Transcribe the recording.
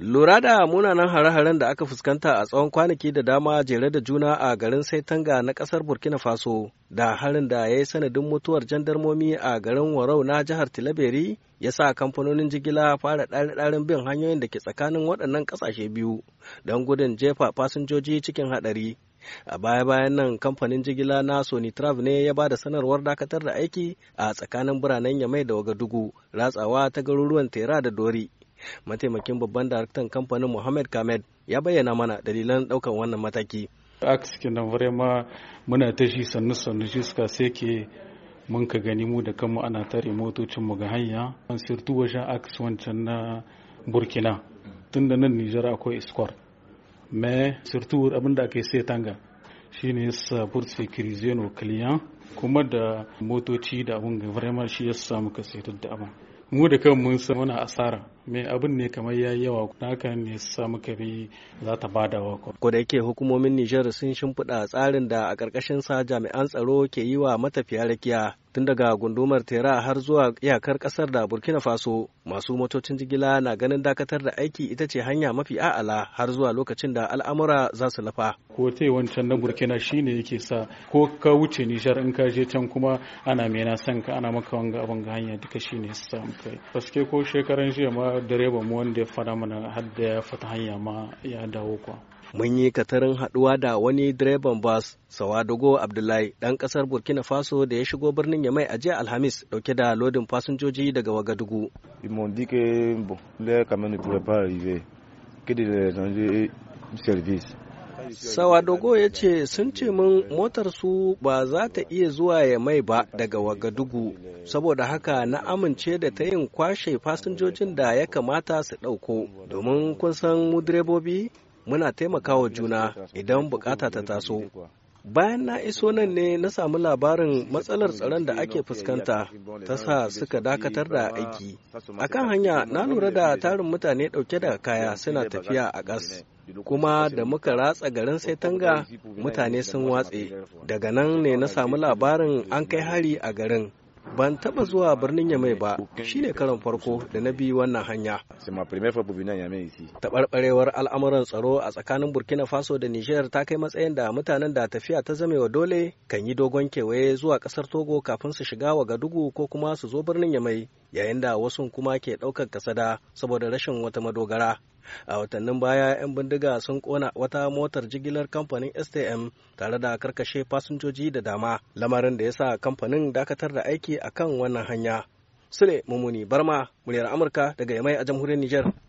Lura da munanan hare-haren da aka fuskanta a tsawon kwanaki da dama jere da juna a garin Saitanga na ƙasar Burkina Faso da harin da ya yi sanadin mutuwar jandarmomi a garin Warau na jihar Tilaberi ya sa kamfanonin jigila fara ɗari-ɗarin bin hanyoyin da ke tsakanin waɗannan ƙasashe biyu don gudun jefa fasinjoji cikin haɗari. a baya-bayan nan kamfanin jigila na sony trav ne ya ba da sanarwar dakatar da aiki a tsakanin biranen yamai da wagadugu ratsawa ta garuruwan tera da dori mataimakin babban daraktan kamfanin mohammed Kamed ya bayyana mana dalilan daukan wannan mataki. Aks kenan ma muna ta shi sannu sannu shi suka seke mun ka gani mu da kanmu ana tare motocin mu ga hanya an sirtu wajen aks wancan na Burkina tun da nan Nijar akwai Iskwar. me surtout abinda aka yi sai tanga shine sabur sécuriser nos kiliyan kuma da motoci da abun ga shi ya samu ka da abin mu da kan mun san wani asara mai abin ne kamar ya yi yawa na kan ne samu kare za ta bada wako. ko da yake hukumomin Nijar sun shimfiɗa tsarin da a ƙarƙashin sa jami'an tsaro ke yi wa matafiya rakiya tun daga gundumar tera har zuwa iyakar kasar da burkina faso masu motocin jigila na ganin dakatar da aiki ita ce hanya mafi a'ala har zuwa lokacin da al'amura za su lafa ko te wancan na burkina shine yake sa ko ka wuce nijar in ka je can kuma ana mena san ka ana maka wanga abin ga hanya duka shine sa kai paske ko shekaran jiya ma direban mu wanda ya fada mana hadda ya fata hanya ma ya dawo kwa mun yi katarin haɗuwa da wani direban bas Sawadogo Abdullahi ɗan ƙasar Burkina Faso da ya shigo birnin Yamai a jiya Alhamis ɗauke da lodin fasinjoji daga Wagadugu. Sawadogo ya ce sun ce min motar su ba za ta iya zuwa ya mai ba daga Wagadugu, saboda haka na amince da ta yin kwashe fasinjojin da ya kamata su ɗauko, domin kun san mu direbobi muna taimakawa juna idan bukata ta taso bayan na iso nan ne na samu labarin matsalar tsaron da ake fuskanta ta sa suka dakatar da aiki akan hanya na lura da tarin mutane dauke da kaya suna tafiya a ƙas, kuma da muka ratsa garin sai tanga, mutane sun watse daga nan ne na samu labarin an kai hari a garin ban taba zuwa birnin Yamai ba shi ne karon farko da na bi wannan hanya. Taɓarɓarewar al'amuran tsaro a tsakanin Burkina Faso da Nijar ta kai matsayin da mutanen da tafiya ta zamewa dole kan yi dogon kewaye zuwa ƙasar Togo kafin su shiga wa Gadugu ko kuma su zo birnin Yamai yayin da wasu kuma ke ɗaukar kasada saboda rashin wata madogara a watannin baya 'yan bindiga sun kona wata motar jigilar kamfanin stm tare da karkashe fasinjoji da dama lamarin da ya sa kamfanin dakatar da aiki akan wannan hanya sule mummuni barma muryar amurka daga yamai a jamhuriyar nijar.